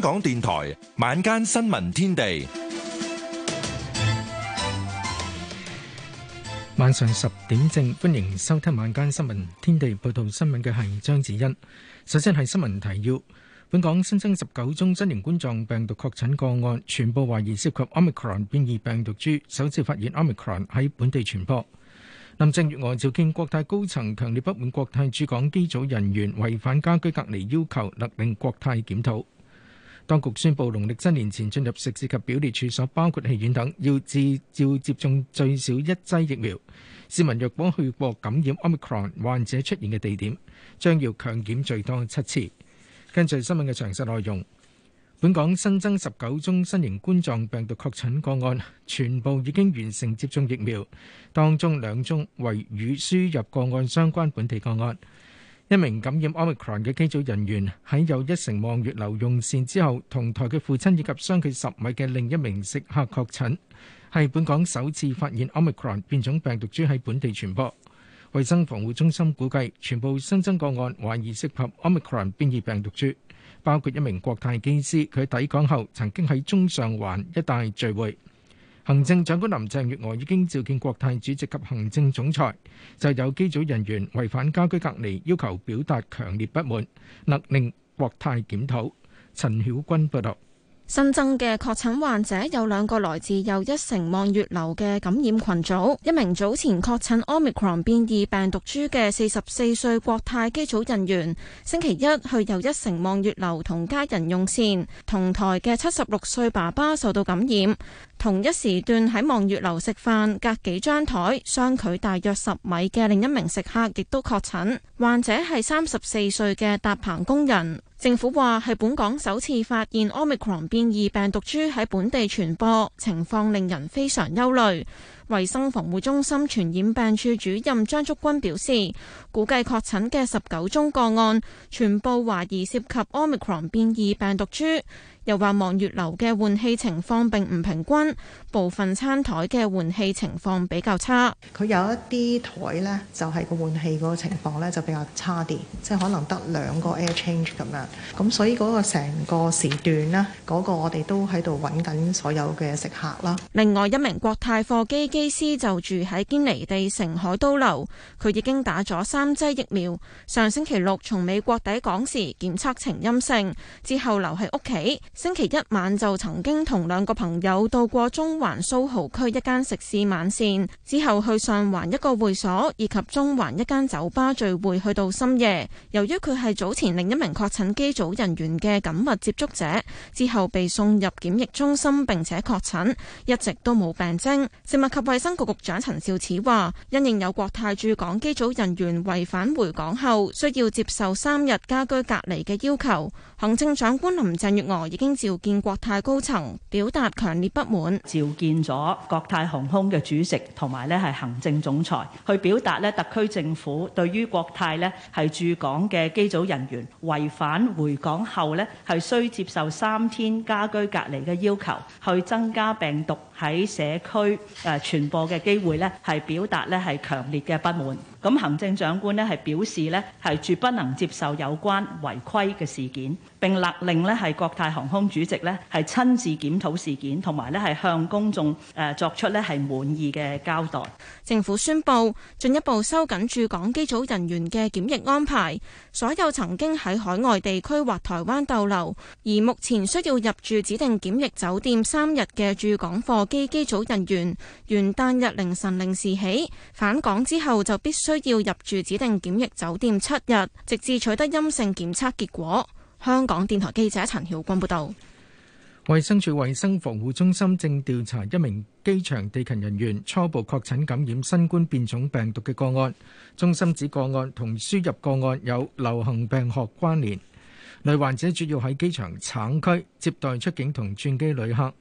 港電台晚間新聞天地，晚上十點正，歡迎收聽晚間新聞天地，報道新聞嘅係張子欣。首先係新聞提要：本港新增十九宗新型冠狀病毒確診個案，全部懷疑涉及 Omicron 變異病毒株，首次發現 Omicron 喺本地傳播。林鄭月娥召見國泰高層，強烈不滿國泰駐港機組人員違反家居隔離要求，勒令國泰檢討。當局宣布，農曆新年前進入食肆及表列處所，包括戲院等，要自照接種最少一劑疫苗。市民若果去過感染 Omicron 患者出現嘅地點，將要強檢最多七次。跟住新聞嘅詳細內容，本港新增十九宗新型冠狀病毒確診個案，全部已經完成接種疫苗，當中兩宗為與輸入個案相關本地個案。一名感染 omicron 嘅機組人員喺又一城望月樓用膳之後，同台嘅父親以及相距十米嘅另一名食客確診，係本港首次發現 omicron 變種病毒株喺本地傳播。衛生防護中心估計，全部新增個案懷疑涉及 omicron 變異病毒株，包括一名國泰機師，佢抵港後曾經喺中上環一帶聚會。行政長官林鄭月娥已經召見國泰主席及行政總裁，就有機組人員違反家居隔離要求，表達強烈不滿，勒令國泰檢討。陳曉君報導。新增嘅確診患者有兩個來自又一城望月樓嘅感染群組，一名早前確診 Omicron 變異病毒株嘅四十四歲國泰機組人員，星期一去又一城望月樓同家人用膳，同台嘅七十六歲爸爸受到感染，同一時段喺望月樓食飯，隔幾張枱相距大約十米嘅另一名食客亦都確診，患者係三十四歲嘅搭棚工人。政府話係本港首次發現 Omicron 變異病毒株喺本地傳播，情況令人非常憂慮。衞生防護中心傳染病處主任張竹君表示，估計確診嘅十九宗個案，全部懷疑涉及 Omicron 變異病毒株。又話望月樓嘅換氣情況並唔平均，部分餐台嘅換氣情況比較差。佢有一啲台呢，就係個換氣嗰個情況呢，就比較差啲，即係可能得兩個 air change 咁樣。咁所以嗰個成個時段咧，嗰個我哋都喺度揾緊所有嘅食客啦。另外一名國泰貨機機師就住喺堅尼地城海都樓，佢已經打咗三劑疫苗。上星期六從美國抵港時檢測呈陰性，之後留喺屋企。星期一晚就曾經同兩個朋友到過中環蘇豪區一間食肆晚膳，之後去上環一個會所以及中環一間酒吧聚會去到深夜。由於佢係早前另一名確診機組人員嘅緊密接觸者，之後被送入檢疫中心並且確診，一直都冇病徵。食物及衛生局局長陳肇始話因應有國泰駐港機組人員違反回港後需要接受三日家居隔離嘅要求。行政長官林鄭月娥已經召見國泰高層，表達強烈不滿。召見咗國泰航空嘅主席同埋行政總裁，去表達特區政府對於國泰咧係駐港嘅機組人員違反回港後係需接受三天家居隔離嘅要求，去增加病毒喺社區誒傳播嘅機會咧，係表達咧係強烈嘅不滿。咁行政長官咧係表示咧係絕不能接受有關違規嘅事件，並勒令咧係國泰航空主席咧係親自檢討事件，同埋咧係向公眾誒作出咧係滿意嘅交代。政府宣布進一步收緊駐港機組人員嘅檢疫安排，所有曾經喺海外地區或台灣逗留，而目前需要入住指定檢疫酒店三日嘅駐港貨機機組人員，元旦日凌晨零時起返港之後就必須。需要入住指定檢疫酒店七日，直至取得陰性檢測結果。香港電台記者陳曉君報道。衛生署衛生防護中心正調查一名機場地勤人員初步確診感染新冠變種病毒嘅個案，中心指個案同輸入個案有流行病學關聯。女患者主要喺機場橙區接待出境同轉機旅客，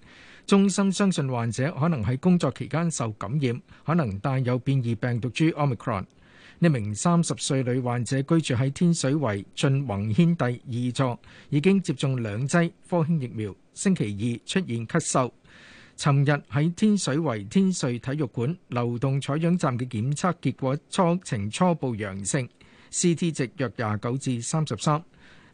中心相信患者可能喺工作期間受感染，可能帶有變異病毒株 omicron。Om 一名三十歲女患者居住喺天水圍俊宏軒第二座，已經接種兩劑科興疫苗，星期二出現咳嗽。尋日喺天水圍天瑞體育館流動採樣站嘅檢測結果初呈初步陽性，CT 值約廿九至三十三。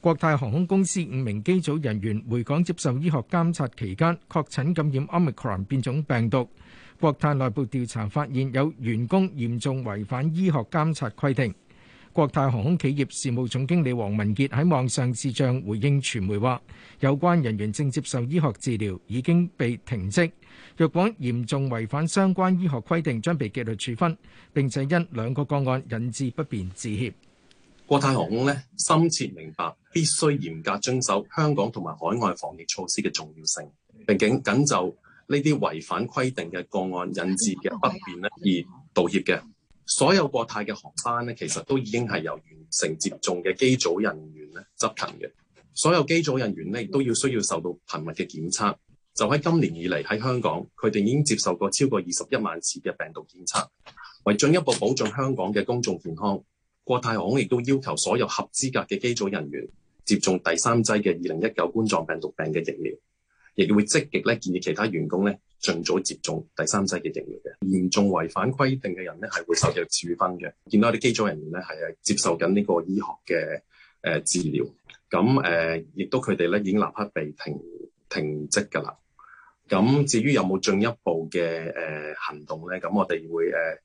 國泰航空公司五名機組人員回港接受醫學監察期間確診感染 omicron 變種病毒。國泰內部調查發現有員工嚴重違反醫學監察規定。國泰航空企業事務總經理黃文杰喺網上視像回應傳媒話：有關人員正接受醫學治療，已經被停職。若果嚴重違反相關醫學規定，將被紀律處分，並且因兩個個案引致不便致歉。國泰航空咧深切明白必須嚴格遵守香港同埋海外防疫措施嘅重要性，並僅僅就呢啲違反規定嘅個案引致嘅不便咧而道歉嘅。所有國泰嘅航班咧，其實都已經係由完成接種嘅機組人員咧執勤嘅。所有機組人員咧都要需要受到頻密嘅檢測。就喺今年以嚟喺香港，佢哋已經接受過超過二十一萬次嘅病毒檢測，為進一步保障香港嘅公眾健康。國泰行亦都要求所有合資格嘅機組人員接種第三劑嘅二零一九冠狀病毒病嘅疫苗，亦會積極咧建議其他員工咧盡早接種第三劑嘅疫苗嘅。嚴重違反規定嘅人咧係會受到處分嘅。見到啲機組人員咧係接受緊呢個醫學嘅誒、呃、治療，咁誒亦都佢哋咧已經立刻被停停職噶啦。咁至於有冇進一步嘅誒、呃、行動咧？咁我哋會誒。呃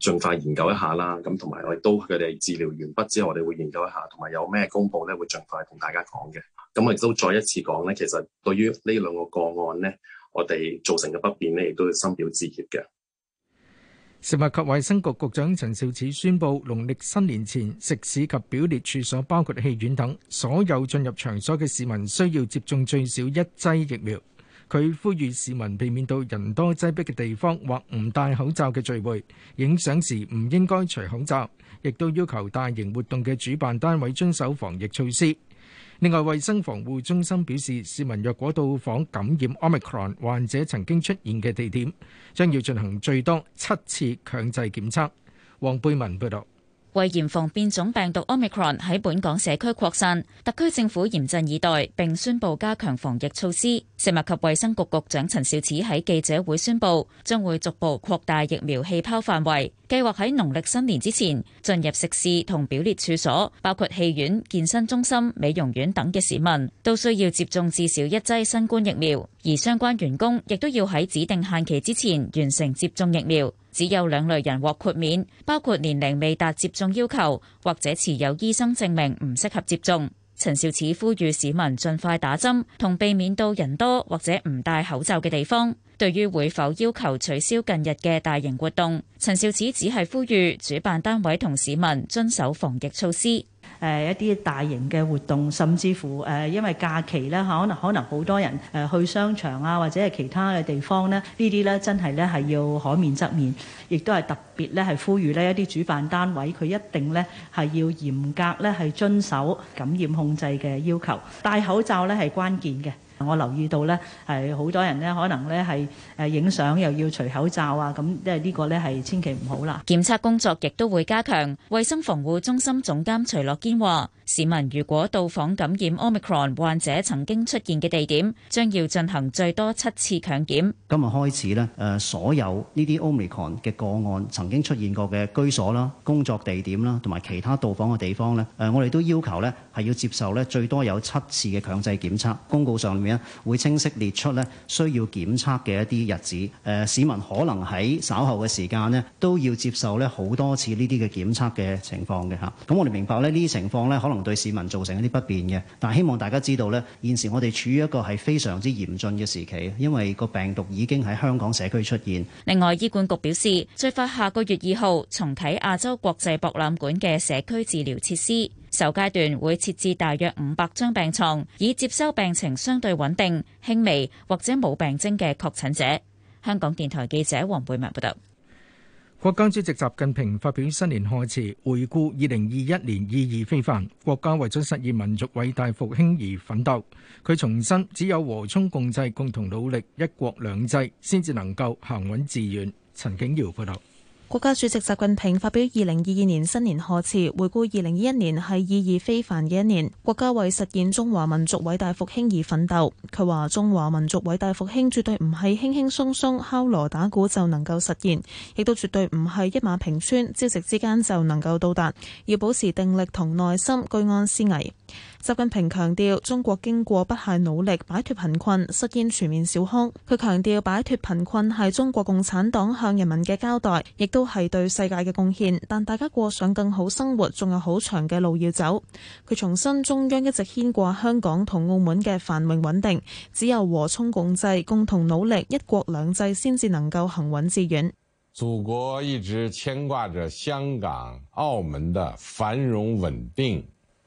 盡快研究一下啦，咁同埋我哋都佢哋治療完畢之後，我哋會研究一下，同埋有咩公佈咧，會盡快同大家講嘅。咁我亦都再一次講咧，其實對於呢兩個個案咧，我哋造成嘅不便咧，亦都要深表致歉嘅。食物及衞生局局長陳肇始宣佈，農曆新年前，食肆及表列處所，包括戲院等，所有進入場所嘅市民需要接種最少一劑疫苗。佢呼籲市民避免到人多擠迫嘅地方或唔戴口罩嘅聚會，影相時唔應該除口罩，亦都要求大型活動嘅主辦單位遵守防疫措施。另外，衛生防護中心表示，市民若果到訪感染 Omicron 患者曾經出現嘅地點，將要進行最多七次強制檢測。黃貝文報道。為嚴防變種病毒 Omicron 喺本港社區擴散，特區政府嚴陣以待，並宣布加強防疫措施。食物及衛生局局長陳肇始喺記者會宣布，將會逐步擴大疫苗氣泡範圍，計劃喺農曆新年之前，進入食肆同表列處所，包括戲院、健身中心、美容院等嘅市民，都需要接種至少一劑新冠疫苗，而相關員工亦都要喺指定限期之前完成接種疫苗。只有兩類人獲豁免，包括年齡未達接種要求，或者持有醫生證明唔適合接種。陳肇始呼籲市民盡快打針，同避免到人多或者唔戴口罩嘅地方。對於會否要求取消近日嘅大型活動，陳肇始只係呼籲主辦單位同市民遵守防疫措施。誒、呃、一啲大型嘅活動，甚至乎誒、呃、因為假期咧，可能可能好多人誒去商場啊，或者係其他嘅地方咧，呢啲咧真係咧係要海面側面，亦都係特別咧係呼籲呢一啲主辦單位，佢一定咧係要嚴格咧係遵守感染控制嘅要求，戴口罩咧係關鍵嘅。我留意到咧，係好多人咧，可能咧係誒影相又要除口罩啊，咁即係呢個咧係千祈唔好啦。檢測工作亦都會加強，衛生防護中心總監徐樂堅話。市民如果到訪感染 Omicron 患者曾經出現嘅地點，將要進行最多七次強檢。今日開始咧，誒所有呢啲 Omicron 嘅個案曾經出現過嘅居所啦、工作地點啦，同埋其他到訪嘅地方咧，誒我哋都要求咧係要接受咧最多有七次嘅強制檢測。公告上面咧，會清晰列出咧需要檢測嘅一啲日子。誒市民可能喺稍後嘅時間咧都要接受咧好多次呢啲嘅檢測嘅情況嘅吓，咁我哋明白咧呢啲情況咧可能。可能對市民造成一啲不便嘅，但係希望大家知道呢，現時我哋處於一個係非常之嚴峻嘅時期，因為個病毒已經喺香港社區出現。另外，醫管局表示，最快下個月二號重啟亞洲國際博覽館嘅社區治療設施，首階段會設置大約五百張病床，以接收病情相對穩定、輕微或者冇病徵嘅確診者。香港電台記者黃貝文報道。國家主席習近平發表新年賀詞，回顧二零二一年意義非凡，國家為咗實現民族偉大復興而奮鬥。佢重申，只有和衷共濟、共同努力，一國兩制先至能夠行穩致遠。陳景堯報道。國家主席習近平發表二零二二年新年賀詞，回顧二零二一年係意義非凡嘅一年，國家為實現中華民族偉大復興而奮鬥。佢話：中華民族偉大復興絕對唔係輕輕鬆鬆敲鑼打鼓就能夠實現，亦都絕對唔係一馬平川、朝夕之間就能夠到達，要保持定力同耐心，居安思危。習近平強調，中國經過不懈努力，擺脫貧困，實現全面小康。佢強調，擺脫貧困係中國共產黨向人民嘅交代，亦都係對世界嘅貢獻。但大家過上更好生活，仲有好長嘅路要走。佢重申，中央一直牽掛香港同澳門嘅繁榮穩定，只有和衷共濟，共同努力，一國兩制先至能夠行穩致遠。祖國一直牽掛着香港、澳門的繁榮穩定。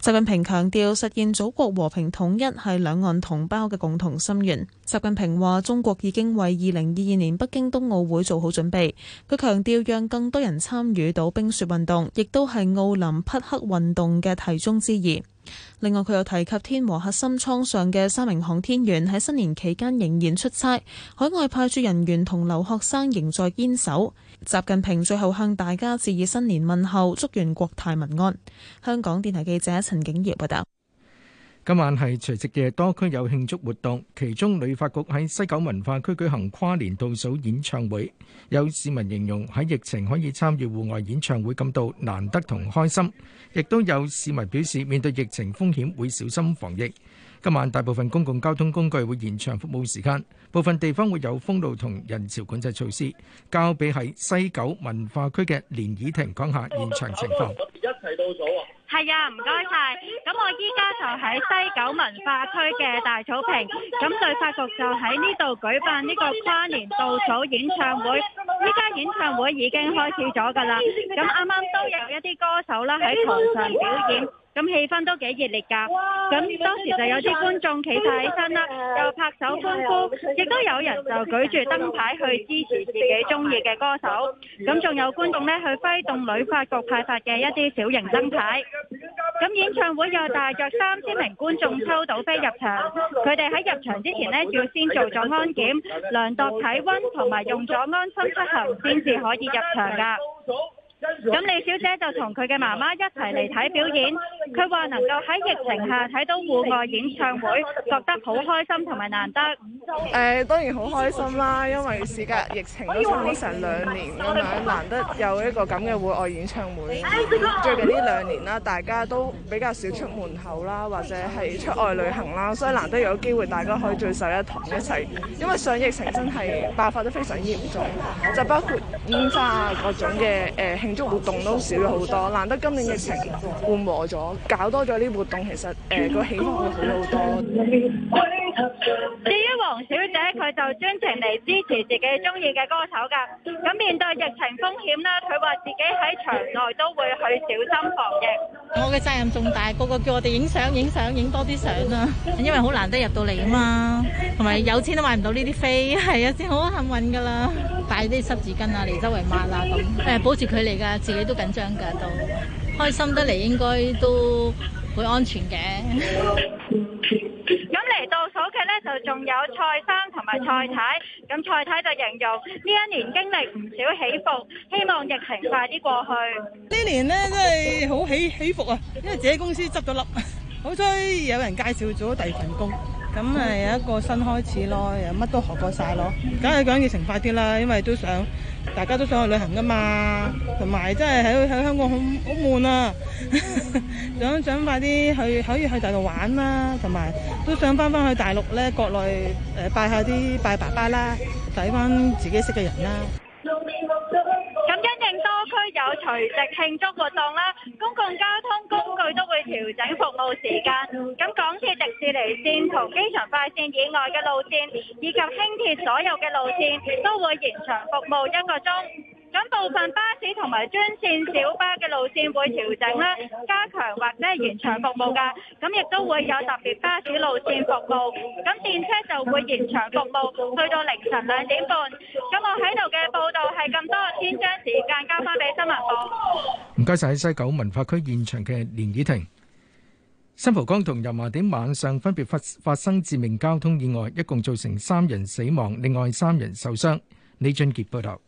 習近平強調，實現祖國和平統一係兩岸同胞嘅共同心願。習近平話中國已經為二零二二年北京冬奧會做好準備。佢強調讓更多人參與到冰雪運動，亦都係奧林匹克運動嘅題中之義。另外，佢又提及天和核心艙上嘅三名航天員喺新年期間仍然出差，海外派駐人員同留學生仍在堅守。習近平最後向大家致以新年問候，祝願國泰民安。香港電台記者陳景儀報道：今晚係除夕夜，多區有慶祝活動，其中旅發局喺西九文化區舉行跨年倒數演唱會。有市民形容喺疫情可以參與戶外演唱會感到難得同開心，亦都有市民表示面對疫情風險會小心防疫。今晚大部分公共交通工具會延長服務時間，部分地方會有封路同人潮管制措施。交俾喺西九文化區嘅連綺亭講下現場情況。一齊倒數喇，係啊，唔該晒。咁我依家就喺西九文化區嘅大草坪，咁旅發局就喺呢度舉辦呢個跨年倒數演唱會。依家演唱會已經開始咗㗎啦，咁啱啱都有一啲歌手啦喺台上表演，咁氣氛都幾熱烈㗎。咁當時就有啲觀眾企晒起身啦，又拍手歡呼，亦都有人就舉住燈牌去支持自己中意嘅歌手。咁仲有觀眾呢去揮動旅發局派發嘅一啲小型燈牌。咁演唱會有大約三千名觀眾抽到飛入場，佢哋喺入場之前呢，要先做咗安檢，量度體溫同埋用咗安心出行，先至可以入場噶。咁李小姐就同佢嘅媽媽一齊嚟睇表演，佢話能夠喺疫情下睇到戶外演唱會，覺得好開心同埋難得。誒當然好開心啦，因為事隔疫情都差唔多成兩年咁樣，難得有一個咁嘅戶外演唱會。最近呢兩年啦，大家都比較少出門口啦，或者係出外旅行啦，所以難得有機會大家可以聚首一堂一齊。因為上疫情真係爆發得非常嚴重，就包括煙花啊各種嘅誒慶。慶祝活動都少咗好多，難得今年疫情緩和咗，搞多咗啲活動。其實誒個氣氛會好好多。至於黃小姐，佢就專程嚟支持自己中意嘅歌手噶。咁面對疫情風險啦，佢話自己喺場內都會去小心防疫。我嘅責任重大，個個叫我哋影相、影相、影多啲相啦，因為好難得入到嚟，啊嘛，同埋有錢都買唔到呢啲飛，係啊，先好幸運噶啦。帶啲濕紙巾啊，嚟周圍抹啊，咁誒保持距離噶，自己都緊張噶都。開心得嚟應該都會安全嘅。 咧就仲有蔡生同埋蔡太，咁蔡太，太就形容呢一年經歷唔少起伏，希望疫情快啲過去。呢年呢，真係好起起伏啊，因為自己公司執咗笠，好彩有人介紹咗第二份工，咁啊有一個新開始咯，又乜都學過晒咯，梗係講疫情快啲啦，因為都想。大家都想去旅行㗎嘛，同埋真係喺喺香港好好悶啊， 想想快啲去可以去大陸玩啦，同埋都想返返去大陸咧國內誒拜下啲拜爸爸啦，睇返自己識嘅人啦。咁因應多區有除夕慶祝活動啦，公共交通工具都會調整服務時間。咁港鐵迪士尼線同機場快線以外嘅路線，以及輕鐵所有嘅路線都會延長服務一個鐘。咁部分巴士同埋專線小巴嘅路線會調整啦，加強或者係延長服務噶。咁亦都會有特別巴士路線服務。咁電車就會延長服務，去到凌晨兩點半。咁我喺度嘅報道係咁多，先將時間交翻俾新聞部。唔該晒喺西九文化區現場嘅連綺婷。新蒲崗同油麻地晚上分別發發生致命交通意外，一共造成三人死亡，另外三人受傷。李俊杰報道。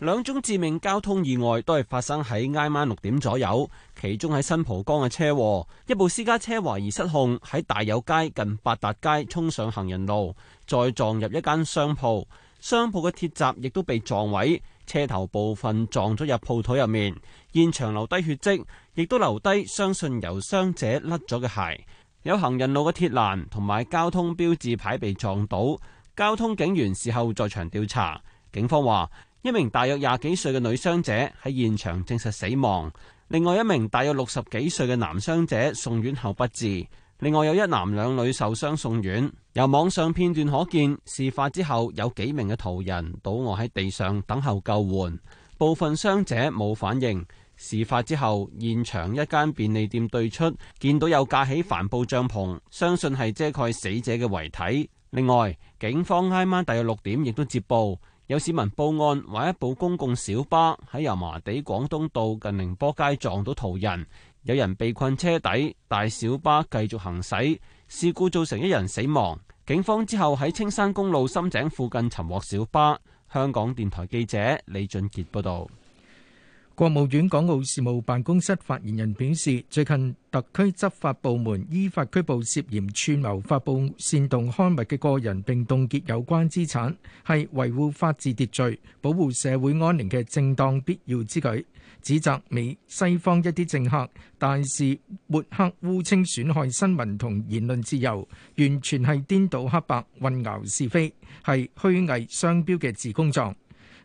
兩宗致命交通意外都係發生喺挨晚六點左右。其中喺新蒲崗嘅車禍，一部私家車懷疑失控喺大有街近八達街衝上行人路，再撞入一間商鋪，商鋪嘅鐵閘亦都被撞毀，車頭部分撞咗入鋪頭入面，現場留低血迹，亦都留低相信由傷者甩咗嘅鞋。有行人路嘅鐵欄同埋交通標誌牌被撞倒，交通警員事後在場調查。警方話。一名大約廿幾歲嘅女傷者喺現場證實死亡，另外一名大約六十幾歲嘅男傷者送院後不治，另外有一男兩女受傷送院。由網上片段可見，事發之後有幾名嘅途人倒卧喺地上等候救援，部分傷者冇反應。事發之後，現場一間便利店對出見到有架起帆布帳篷，相信係遮蓋死者嘅遺體。另外，警方挨晚大約六點亦都接報。有市民報案，話一部公共小巴喺油麻地廣東道近寧波街撞到途人，有人被困車底，大小巴繼續行駛。事故造成一人死亡。警方之後喺青山公路深井附近尋獲小巴。香港電台記者李俊杰報道。國務院港澳事務辦公室發言人表示，最近特區執法部門依法拘捕涉嫌串謀發布煽動刊物嘅個人，並凍結有關資產，係維護法治秩序、保護社會安寧嘅正當必要之舉。指責美西方一啲政客大肆抹黑、污稱損害新聞同言論自由，完全係顛倒黑白、混淆是非，係虛偽雙標嘅自供狀。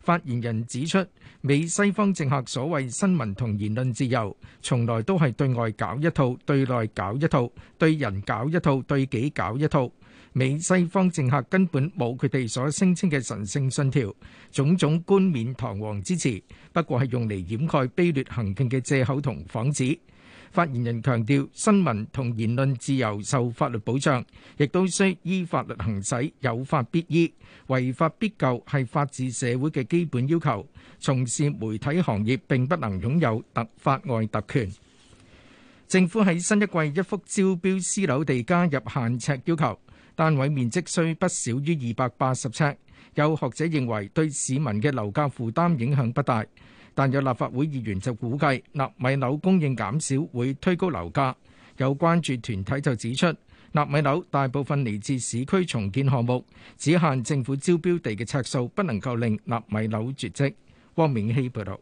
發言人指出，美西方政客所謂新聞同言論自由，從來都係對外搞一套，對內搞一套，對人搞一套，對己搞一套。美西方政客根本冇佢哋所聲稱嘅神聖信條，種種冠冕堂皇之詞，不過，係用嚟掩蓋卑劣行徑嘅借口同幌子。發言人強調，新聞同言論自由受法律保障，亦都需依法律行使，有法必依，違法必究，係法治社會嘅基本要求。從事媒體行業並不能擁有特法外特權。政府喺新一季一幅招標私樓地加入限尺要求，單位面積需不少於二百八十尺。有學者認為，對市民嘅樓價負擔影響不大。但有立法會議員就估計納米樓供應減少會推高樓價。有關注團體就指出，納米樓大部分嚟自市區重建項目，只限政府招標地嘅尺數，不能夠令納米樓絕跡。汪明希報導。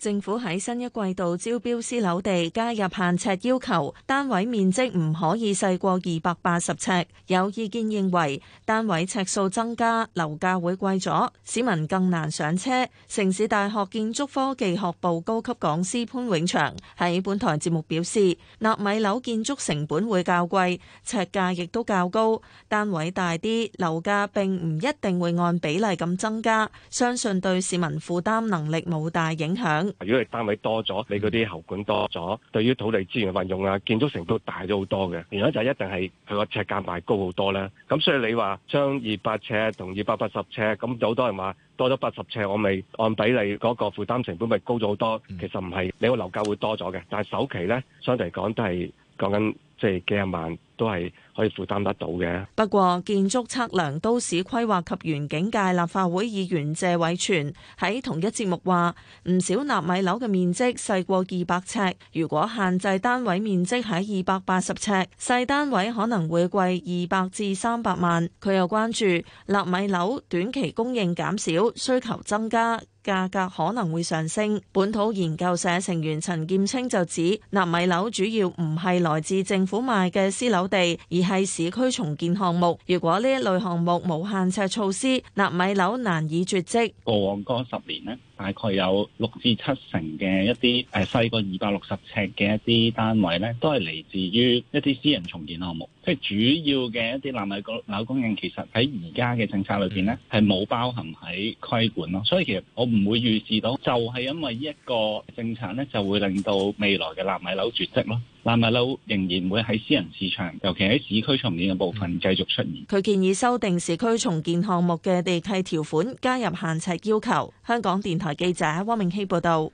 政府喺新一季度招標私樓地加入限尺要求，單位面積唔可以細過二百八十尺。有意見認為，單位尺數增加，樓價會貴咗，市民更難上車。城市大學建築科技學部高級講師潘永祥喺本台節目表示：納米樓建築成本會較貴，尺價亦都較高，單位大啲，樓價並唔一定會按比例咁增加，相信對市民負擔能力冇大影響。如果你單位多咗，你嗰啲喉管多咗，嗯、對於土地資源嘅運用啊，建築成本都大咗好多嘅。然後就一定係佢個尺價賣高好多咧。咁所以你話將二百尺同二百八十尺，咁好多人話多咗八十尺，我咪按比例嗰個負擔成本咪高咗好多。其實唔係，你個樓價會多咗嘅，但係首期呢，相對嚟講都係講緊。即係幾廿萬都係可以負擔得到嘅。不過，建築測量、都市規劃及園境界立法會議員謝偉銓喺同一節目話，唔少納米樓嘅面積細過二百尺，如果限制單位面積喺二百八十尺，細單位可能會貴二百至三百萬。佢又關注納米樓短期供應減少，需求增加。價格可能會上升。本土研究社成員陳劍青就指，納米樓主要唔係來自政府賣嘅私樓地，而係市區重建項目。如果呢一類項目冇限呎措施，納米樓難以絕跡。過往嗰十年咧，大概有六至七成嘅一啲，誒、哎、細過二百六十尺嘅一啲單位咧，都係嚟自於一啲私人重建項目，即係主要嘅一啲納米樓供應，其實喺而家嘅政策裏邊咧，係冇包含喺規管咯，所以其實我唔會預示到，就係、是、因為呢一個政策咧，就會令到未來嘅納米樓絕跡咯。爛尾樓仍然會喺私人市場，尤其喺市區重建嘅部分繼續出現。佢建議修訂市區重建項目嘅地契條款，加入限制要求。香港電台記者汪明希報道。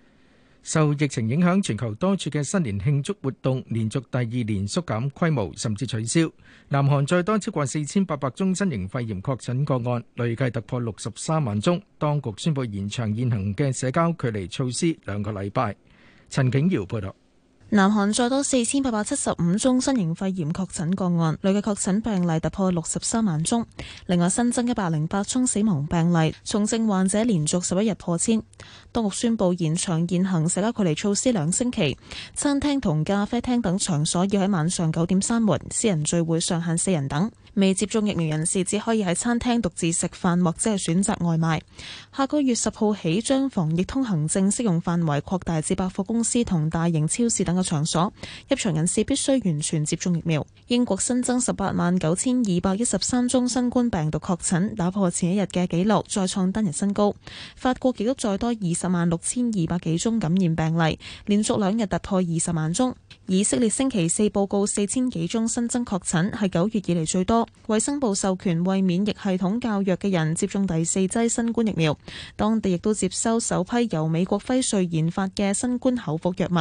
受疫情影響，全球多處嘅新年慶祝活動連續第二年縮減規模，甚至取消。南韓再多超過四千八百宗新型肺炎確診個案，累計突破六十三萬宗。當局宣布延長現行嘅社交距離措施兩個禮拜。陳景瑤報道。南韓再多四千八百七十五宗新型肺炎確診個案，累計確診病例突破六十三萬宗。另外新增一百零八宗死亡病例，重症患者連續十一日破千。當局宣布延長現行社交距離措施兩星期，餐廳同咖啡廳等場所要喺晚上九點閂門，私人聚會上限四人等。未接種疫苗人士只可以喺餐廳獨自食飯，或者係選擇外賣。下個月十號起，將防疫通行證適用範圍擴大至百貨公司同大型超市等嘅場所，入場人士必須完全接種疫苗。英國新增十八萬九千二百一十三宗新冠病毒確診，打破前一日嘅紀錄，再創單日新高。法國亦都再多二十萬六千二百幾宗感染病例，連續兩日突破二十萬宗。以色列星期四報告四千幾宗新增確診，係九月以嚟最多。衛生部授權為免疫系統較弱嘅人接種第四劑新冠疫苗，當地亦都接收首批由美國輝瑞研發嘅新冠口服藥物。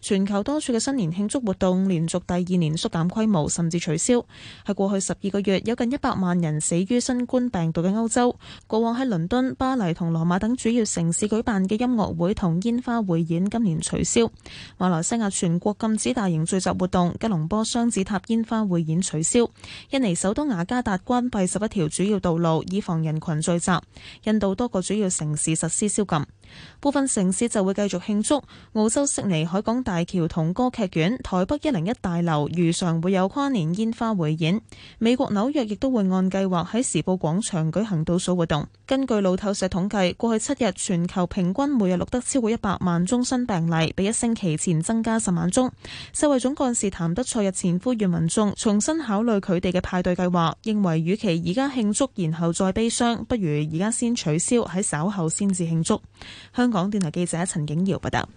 全球多處嘅新年慶祝活動連續第二年縮減規模，甚至取消。喺過去十二個月，有近一百萬人死於新冠病毒嘅歐洲，過往喺倫敦、巴黎同羅馬等主要城市舉辦嘅音樂會同煙花匯演今年取消。馬來西亞全國禁止大型聚集活動，吉隆坡雙子塔煙花匯演取消。印尼首都雅加達關閉十一條主要道路，以防人群聚集。印度多個主要城市實施宵禁。部分城市就會繼續慶祝。澳洲悉尼海港大橋同歌劇院、台北一零一大樓如常會有跨年煙花匯演。美國紐約亦都會按計劃喺時報廣場舉行倒數活動。根據路透社統計，過去七日全球平均每日錄得超過一百萬宗新病例，比一星期前增加十萬宗。世衛總幹事譚德賽日前呼籲民眾重新考慮佢哋嘅派對計劃，認為與其而家慶祝然後再悲傷，不如而家先取消，喺稍後先至慶祝。香港電臺記者陳景堯報道：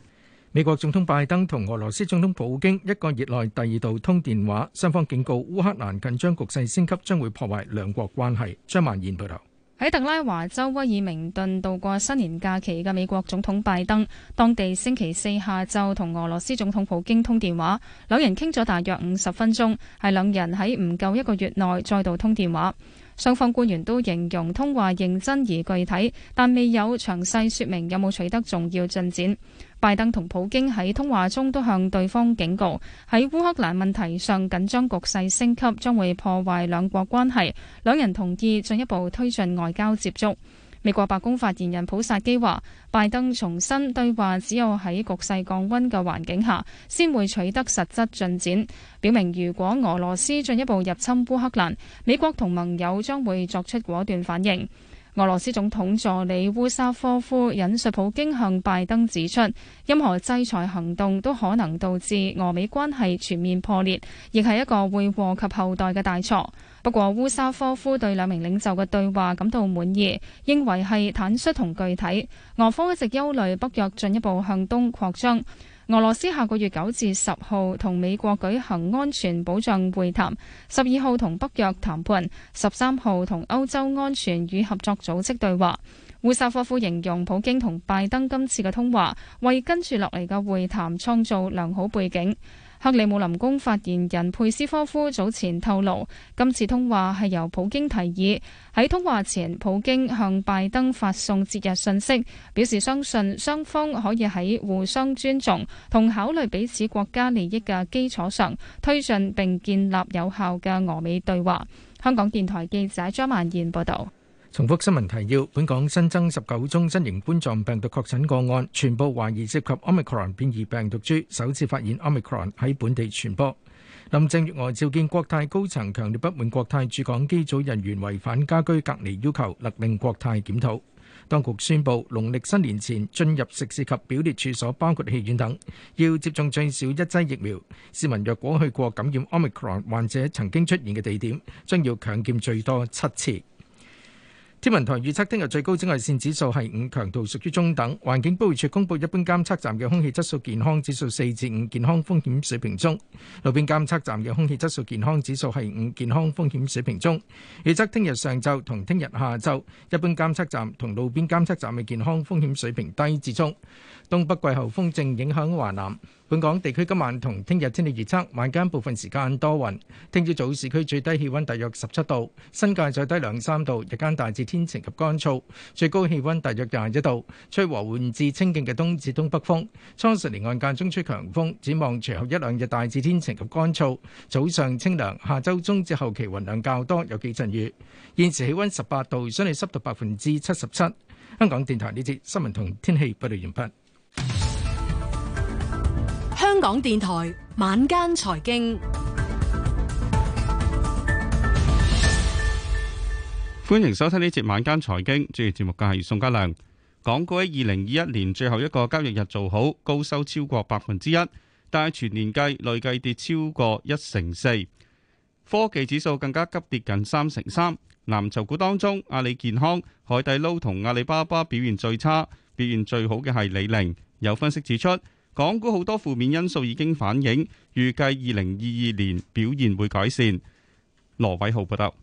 美國總統拜登同俄羅斯總統普京一個月內第二度通電話，雙方警告烏克蘭緊張局勢升級將會破壞兩國關係。張曼燕報道：喺特拉華州威爾明頓度過新年假期嘅美國總統拜登，當地星期四下晝同俄羅斯總統普京通電話，兩人傾咗大約五十分鐘，係兩人喺唔夠一個月內再度通電話。雙方官員都形容通話認真而具體，但未有詳細說明有冇取得重要進展。拜登同普京喺通話中都向對方警告，喺烏克蘭問題上緊張局勢升級將會破壞兩國關係。兩人同意進一步推進外交接觸。美國白宮發言人普薩基話：拜登重申對話只有喺局勢降溫嘅環境下，先會取得實質進展，表明如果俄羅斯進一步入侵烏克蘭，美國同盟友將會作出果斷反應。俄羅斯總統助理烏沙科夫引述普京向拜登指出，任何制裁行動都可能導致俄美關係全面破裂，亦係一個會禍及後代嘅大錯。不過烏沙科夫對兩名領袖嘅對話感到滿意，認為係坦率同具體。俄方一直憂慮北約進一步向東擴張。俄羅斯下個月九至十號同美國舉行安全保障會談，十二號同北約談判，十三號同歐洲安全與合作組織對話。烏沙科夫形容普京同拜登今次嘅通話為跟住落嚟嘅會談創造良好背景。克里姆林宮發言人佩斯科夫早前透露，今次通話係由普京提議。喺通話前，普京向拜登發送節日信息，表示相信雙方可以喺互相尊重同考慮彼此國家利益嘅基礎上，推進並建立有效嘅俄美對話。香港電台記者張曼燕報道。重複新聞提要：本港新增十九宗新型冠狀病毒確診個案，全部懷疑涉及 Omicron 變異病毒株，首次發現 Omicron 喺本地傳播。林鄭月娥召見國泰高層，強烈不滿國泰駐港機組人員違反家居隔離要求，勒令國泰檢討。當局宣布，農曆新年前進入食肆及表列處所，包括戲院等，要接種最少一劑疫苗。市民若果去過感染 Omicron 患者曾經出現嘅地點，將要強檢最多七次。天文台預測聽日最高紫外線指數係五，強度屬於中等。環境保護署公佈一般監測站嘅空氣質素健康指數四至五，健康風險水平中。路邊監測站嘅空氣質素健康指數係五，健康風險水平中。預測聽日上晝同聽日下晝，一般監測站同路邊監測站嘅健康風險水平低至中。東北季候風正影響華南。本港地區今晚同聽日天氣預測，晚間部分時間多雲。聽朝早市區最低氣温大約十七度，新界再低兩三度。日間大致天晴及乾燥，最高氣温大約廿一度。吹和緩至清勁嘅東至東北風。初時離岸間中吹強風，展望隨後一兩日大致天晴及乾燥，早上清涼，下周中至後期雲量較多，有幾陣雨。現時氣温十八度，相對濕度百分之七十七。香港電台呢節新聞同天氣報告完畢。香港電台晚間財經，歡迎收聽呢節晚間財經。主持節目嘅係宋家良。港股喺二零二一年最後一個交易日做好，高收超過百分之一，但係全年計累計跌超過一成四。科技指數更加急跌近三成三。藍籌股當中，阿里健康、海底撈同阿里巴巴表現最差，表現最好嘅係李寧。有分析指出，港股好多負面因素已經反映，預計二零二二年表現會改善。羅偉浩報道。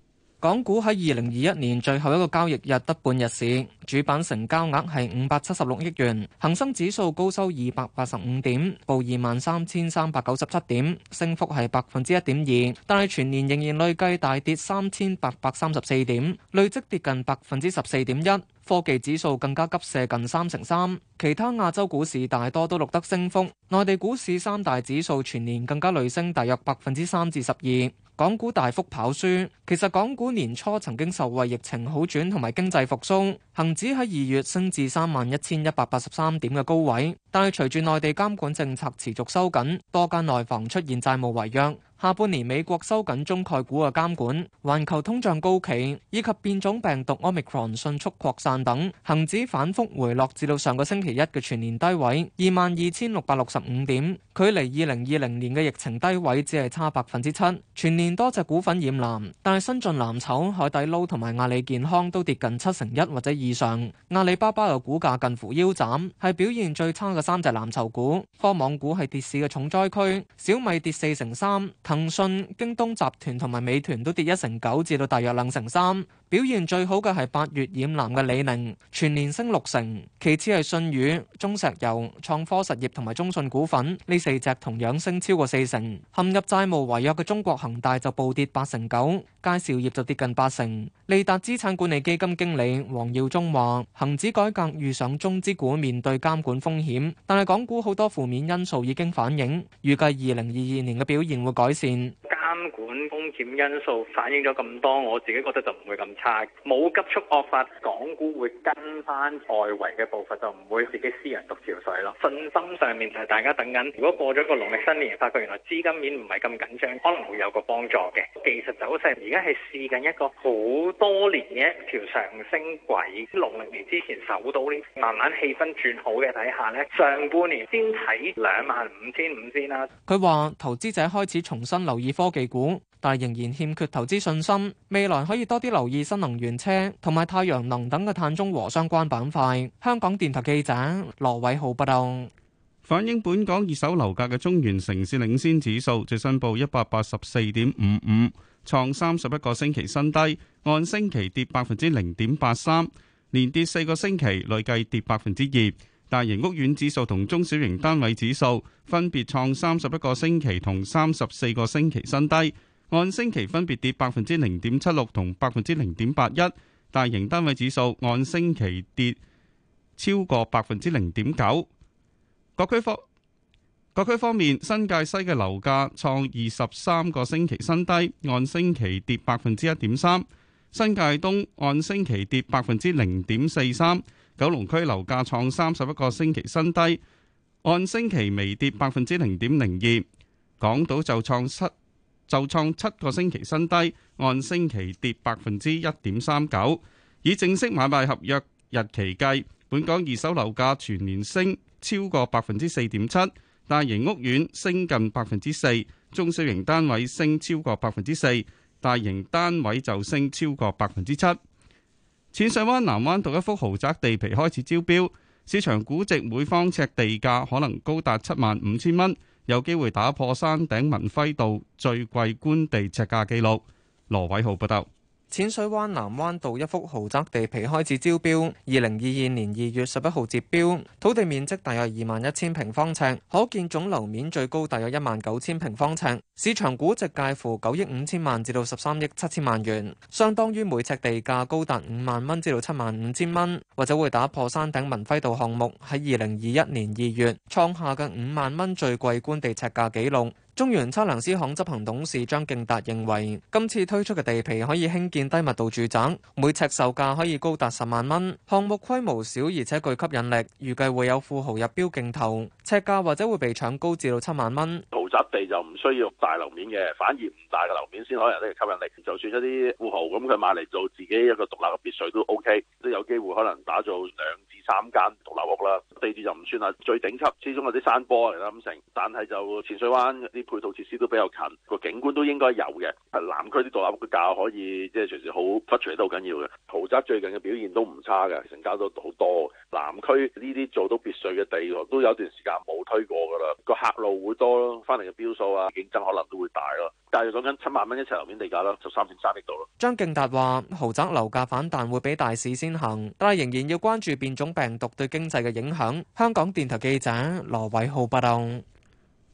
港股喺二零二一年最後一個交易日得半日市，主板成交額係五百七十六億元，恒生指數高收二百八十五點，報二萬三千三百九十七點，升幅係百分之一點二，但係全年仍然累計大跌三千八百三十四點，累積跌近百分之十四點一。科技指數更加急瀉近三成三，其他亞洲股市大多都錄得升幅，內地股市三大指數全年更加累升大約百分之三至十二。港股大幅跑輸。其實港股年初曾經受惠疫情好轉同埋經濟復甦，恒指喺二月升至三萬一千一百八十三點嘅高位，但係隨住內地監管政策持續收緊，多間內房出現債務違約，下半年美國收緊中概股嘅監管，環球通脹高企，以及變種病毒 Omicron 迅速擴散等，恒指反覆回落至到上個星期一嘅全年低位二萬二千六百六十五點。距離二零二零年嘅疫情低位只係差百分之七，全年多隻股份染藍，但係新進藍籌海底撈同埋阿里健康都跌近七成一或者以上，阿里巴巴嘅股價近乎腰斬，係表現最差嘅三隻藍籌股。科網股係跌市嘅重災區，小米跌四成三，騰訊、京東集團同埋美團都跌一成九至到大約兩成三。表現最好嘅係八月染藍嘅李寧，全年升六成；其次係信宇、中石油、創科實業同埋中信股份呢四隻同樣升超過四成。陷入債務違約嘅中國恒大就暴跌八成九。佳兆業就跌近八成。利達資產管理基金經理黃耀忠話，恒指改革遇上中資股面對監管風險，但係港股好多負面因素已經反映，預計二零二二年嘅表現會改善。監管風險因素反映咗咁多，我自己覺得就唔會咁差，冇急速惡化，港股會跟翻外圍嘅步伐，就唔會自己私人獨潮水咯。信心上面就係大家等緊，如果過咗個農曆新年，發覺原來資金面唔係咁緊張，可能會有個幫助嘅。技術走勢而而家係試緊一個好多年嘅一條上升軌，六零年之前守到呢，慢慢氣氛轉好嘅底下咧，上半年先睇兩萬五千五先啦。佢話投資者開始重新留意科技股，但仍然欠缺投資信心。未來可以多啲留意新能源車同埋太陽能等嘅碳中和相關板塊，香港電台記者羅偉浩報道。反映本港二手樓價嘅中原城市領先指數最新報一百八十四點五五。創三十一個星期新低，按星期跌百分之零點八三，連跌四個星期，累計跌百分之二。大型屋苑指數同中小型單位指數分別創三十一個星期同三十四個星期新低，按星期分別跌百分之零點七六同百分之零點八一。大型單位指數按星期跌超過百分之零點九。各區科。各區方面，新界西嘅樓價創二十三個星期新低，按星期跌百分之一點三；新界東按星期跌百分之零點四三；九龍區樓價創三十一個星期新低，按星期微跌百分之零點零二；港島就創七就創七個星期新低，按星期跌百分之一點三九。以正式買賣合約日期計，本港二手樓價全年升超過百分之四點七。大型屋苑升近百分之四，中小型單位升超過百分之四，大型單位就升超過百分之七。淺水灣南灣道一幅豪宅地皮開始招標，市場估值每方尺地價可能高達七萬五千蚊，有機會打破山頂文輝道最貴官地尺價記錄。羅偉浩報道。淺水灣南灣道一幅豪宅地皮開始招標，二零二二年二月十一號截標，土地面積大約二萬一千平方尺，可建總樓面最高大約一萬九千平方尺，市場估值介乎九億五千萬至到十三億七千萬元，相當於每尺地價高達五萬蚊至到七萬五千蚊，或者會打破山頂文輝道項目喺二零二一年二月創下嘅五萬蚊最貴官地尺價紀錄。中原測量師行執行董事張敬達認為，今次推出嘅地皮可以興建低密度住宅，每尺售價可以高達十萬蚊。項目規模小而且具吸引力，預計會有富豪入標競投，尺價或者會被搶高至到七萬蚊。豪宅地就唔需要大樓面嘅，反而唔大嘅樓面先可能有啲吸引力。就算一啲富豪咁，佢買嚟做自己一個獨立嘅別墅都 OK，都有機會可能打造兩至三間獨立屋啦。地質就唔算係最頂級，始終係啲山坡嚟咁成，但係就淺水灣配套設施都比較近，個景觀都應該有嘅。南區啲獨立屋嘅價可以即係隨時好突出嚟，都好緊要嘅。豪宅最近嘅表現都唔差嘅，成交都好多。南區呢啲做到別墅嘅地，都有段時間冇推過噶啦。個客路會多咯，翻嚟嘅標數啊，競爭可能都會大咯。但係講緊七萬蚊一呎樓面地價啦，就三點三億度咯。張敬達話：豪宅樓價反彈會比大市先行，但係仍然要關注變種病毒對經濟嘅影響。香港電台記者羅偉浩報道。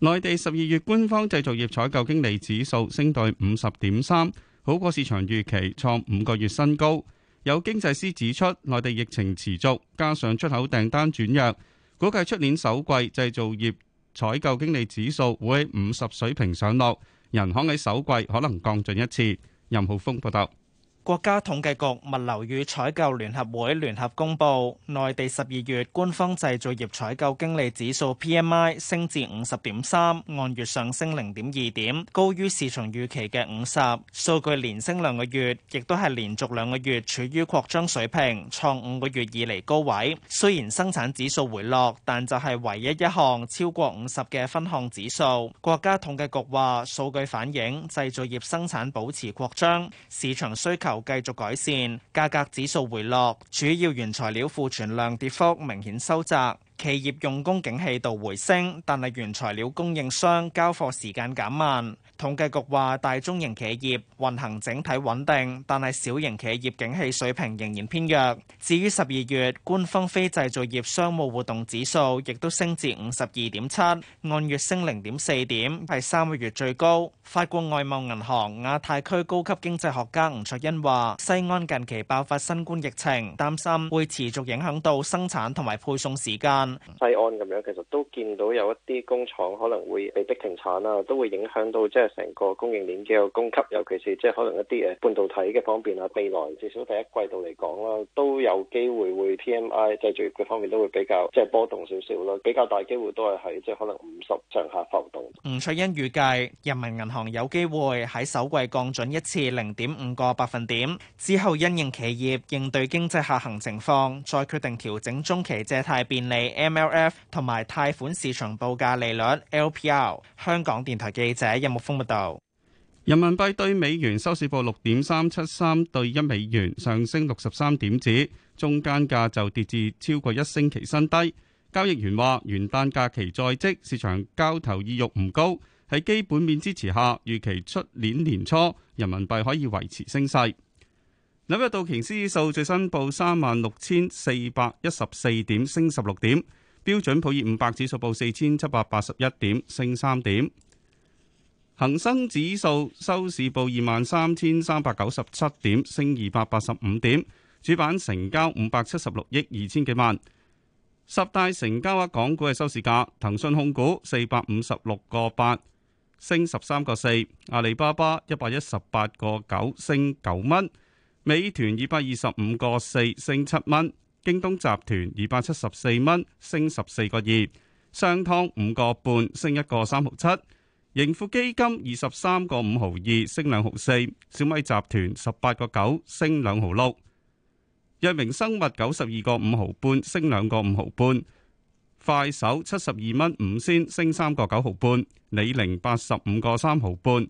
內地十二月官方製造業採購經理指數升到五十點三，好過市場預期，創五個月新高。有經濟師指出，內地疫情持續，加上出口訂單轉弱，估計出年首季製造業採購經理指數會喺五十水平上落，人行喺首季可能降準一次。任浩峰報道。國家統計局、物流與採購聯合會聯合公布，內地十二月官方製造業採購經理指數 PMI 升至五十點三，按月上升零點二點，高於市場預期嘅五十。數據連升兩個月，亦都係連續兩個月處於擴張水平，創五個月以嚟高位。雖然生產指數回落，但就係唯一一項超過五十嘅分項指數。國家統計局話，數據反映製造業生產保持擴張，市場需求，有繼續改善，價格指數回落，主要原材料庫存量跌幅明顯收窄，企業用工景氣度回升，但係原材料供應商交貨時間減慢。統計局話，大中型企業運行整體穩定，但係小型企業景氣水平仍然偏弱。至於十二月官方非製造業商務活動指數，亦都升至五十二點七，按月升零點四點，係三個月最高。法國外貿銀行亞太區高級經濟學家吳卓恩話，西安近期爆發新冠疫情，擔心會持續影響到生產同埋配送時間。西安咁樣，其實都見到有一啲工廠可能會被迫停產啦，都會影響到即係。成個供應鏈嘅供給，尤其是即係可能一啲誒半導體嘅方面啊，未來至少第一季度嚟講啦，都有機會會 PMI 製造業嘅方面都會比較即係、就是、波動少少咯，比較大機會都係喺即係可能五十上下浮動。吳翠欣預計，人民銀行有機會喺首季降準一次零點五個百分點，之後因應企業應對經濟下行情況，再決定調整中期借貸便利 MLF 同埋貸款市場報價利率 LPR。香港電台記者任木峯。報道，人民幣對美元收市報六點三七三兌一美元，上升六十三點子，中間價就跌至超過一星期新低。交易員話，元旦假期在即，市場交投意欲唔高，喺基本面支持下，預期出年年初人民幣可以維持升勢。紐約道瓊斯指數最新報三萬六千四百一十四點，升十六點；標準普爾五百指數報四千七百八十一點，升三點。恒生指數收市報二萬三千三百九十七點，升二百八十五點。主板成交五百七十六億二千幾萬。十大成交額港股嘅收市價：騰訊控股四百五十六個八，升十三個四；阿里巴巴一百一十八個九，升九蚊；美團二百二十五個四，升七蚊；京東集團二百七十四蚊，升十四個二；商湯五個半，升一個三毫七。盈富基金二十三個五毫二升兩毫四，小米集團十八個九升兩毫六，藥明生物九十二個五毫半升兩個五毫半，快手七十二蚊五仙升三個九毫半，李寧八十五個三毫半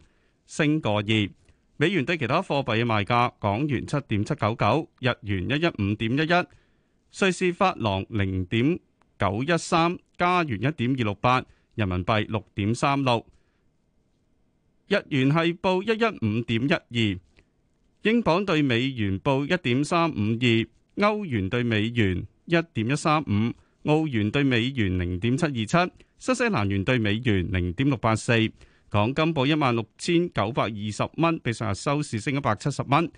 升個二，美元對其他貨幣嘅賣價：港元七點七九九，日元一一五點一一，瑞士法郎零點九一三，加元一點二六八，人民幣六點三六。日元係報一一五點一二，英鎊對美元報一點三五二，歐元對美元一點一三五，澳元對美元零點七二七，新西蘭元對美元零點六八四。港金報一萬六千九百二十蚊，比上日收市升一百七十蚊。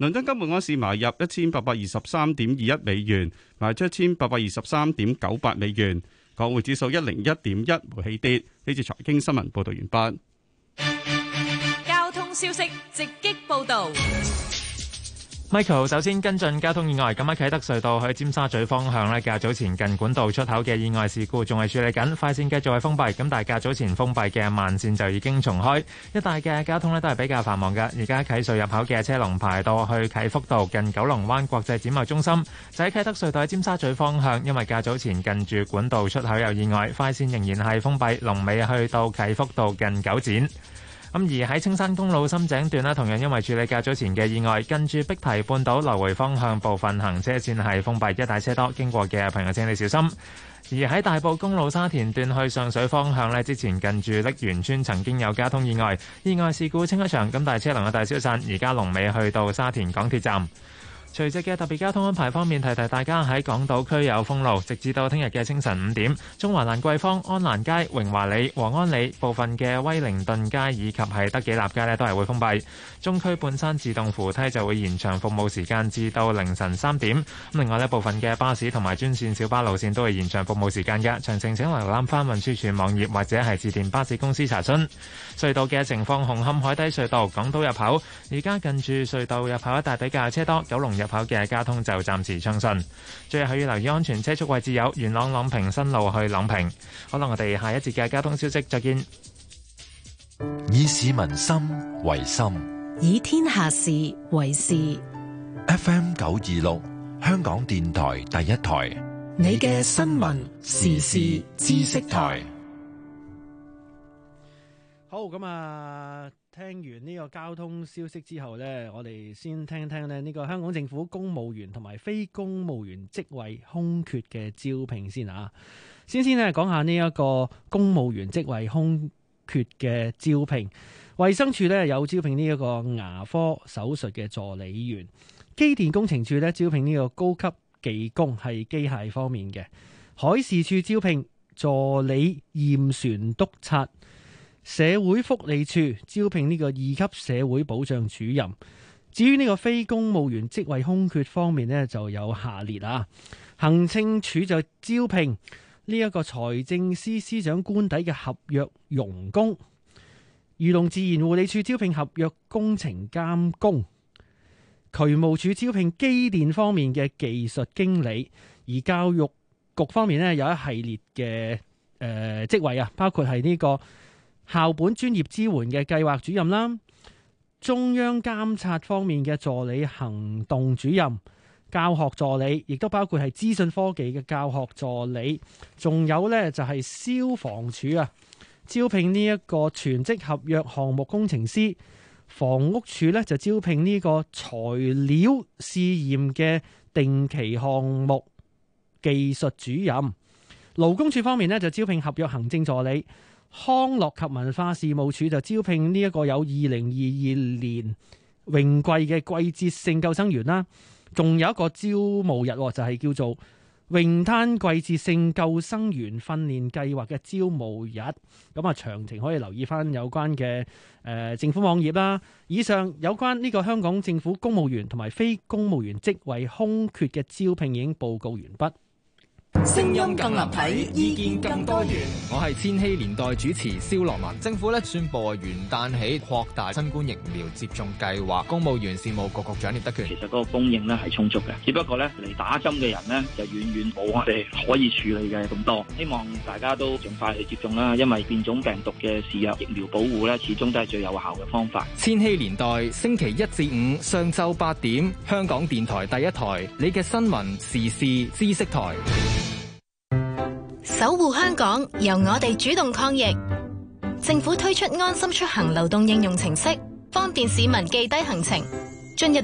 倫敦金每安士買入一千八百二十三點二一美元，賣出一千八百二十三點九八美元。港匯指數一零一點一微起跌。呢次財經新聞報道完畢。消息直擊報道，Michael 首先跟進交通意外。咁喺啟德隧道去尖沙咀方向咧，較早前近管道出口嘅意外事故仲係處理緊，快線繼續係封閉。咁但較早前封閉嘅慢線就已經重開，一帶嘅交通咧都係比較繁忙㗎。而家啟隧入口嘅車龍排到去啟福道近九龍灣國際展貿中心，就喺啟德隧道喺尖沙咀方向，因為較早前近住管道出口有意外，快線仍然係封閉，龍尾去到啟福道近九展。咁而喺青山公路深井段咧，同樣因為處理較早前嘅意外，近住碧堤半島來回方向部分行車線係封閉，一帶車多，經過嘅朋友請你小心。而喺大埔公路沙田段去上水方向咧，之前近住瀝源村曾經有交通意外，意外事故清一場，咁大車龍嘅大消散，而家龍尾去到沙田港鐵站。除夕嘅特別交通安排方面，提提大家喺港島區有封路，直至到聽日嘅清晨五點。中環蘭桂坊、安蘭街、榮華里、和安里部分嘅威靈頓街以及係德己立街咧都係會封閉。中區半山自動扶梯就會延長服務時間至到凌晨三點。另外咧部分嘅巴士同埋專線小巴路線都係延長服務時間嘅。詳情請瀏覽翻運輸署網頁或者係致電巴士公司查詢。隧道嘅情況，紅磡海底隧道港島入口，而家近住隧道入口一帶比較車多，九龍入口嘅交通就暫時暢順。最後要留意安全車速位置，有元朗朗屏新路去朗屏。好啦，我哋下一節嘅交通消息再見。以市民心為心，以天下事為事。FM 九二六香港電台第一台，你嘅新聞時事知識台。好，咁啊。聽完呢個交通消息之後呢，我哋先聽聽咧呢個香港政府公務員同埋非公務員職位空缺嘅招聘先啊！先先呢講下呢一個公務員職位空缺嘅招聘。衞生署呢有招聘呢一個牙科手術嘅助理員，機電工程署呢招聘呢個高級技工係機械方面嘅，海事處招聘助理驗船督察。社會福利署招聘呢個二級社會保障主任。至於呢個非公務員職位空缺方面呢，就有下列啊：行政署就招聘呢一個財政司司長官邸嘅合約傭工；漁農自然護理署招聘合約工程監工；渠務署招聘機電方面嘅技術經理；而教育局方面呢，有一系列嘅誒、呃、職位啊，包括係呢、這個。校本專業支援嘅計劃主任啦，中央監察方面嘅助理行動主任、教學助理，亦都包括係資訊科技嘅教學助理，仲有呢，就係消防處啊，招聘呢一個全職合約項目工程師，房屋處呢，就招聘呢個材料試驗嘅定期項目技術主任，勞工處方面呢，就招聘合約行政助理。康樂及文化事務署就招聘，呢一個有二零二二年泳季嘅季節性救生員啦，仲有一個招募日，就係叫做泳灘季節性救生員訓練計劃嘅招募日，咁啊詳情可以留意翻有關嘅誒政府網頁啦。以上有關呢個香港政府公務員同埋非公務員職位空缺嘅招聘已經報告完畢。聲音更立體，意見更多元。我係千禧年代主持蕭樂文。政府咧宣布元旦起擴大新冠疫苗接種計劃。公務員事務局局長聶德權：其實嗰個供應咧係充足嘅，只不過咧嚟打針嘅人呢，就遠遠冇我哋可以處理嘅咁多。希望大家都盡快去接種啦，因為變種病毒嘅事，藥疫苗保護咧始終都係最有效嘅方法。千禧年代星期一至五上晝八點，香港電台第一台，你嘅新聞時事知識台。守護香港，由我哋主動抗疫。政府推出安心出行流動應用程式，方便市民記低行程，進入。